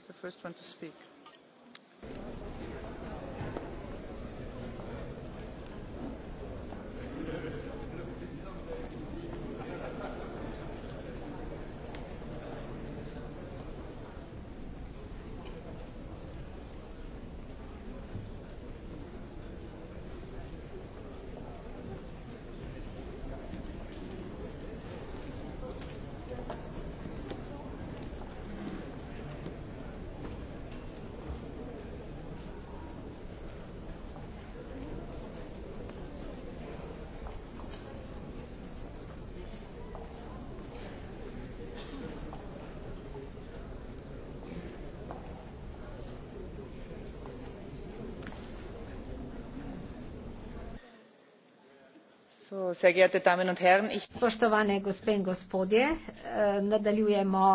is the first one to speak. spoštovane gospe in gospodje eh, nadaljujemo s prekinjeno sejo odbora za zunanjo politiko.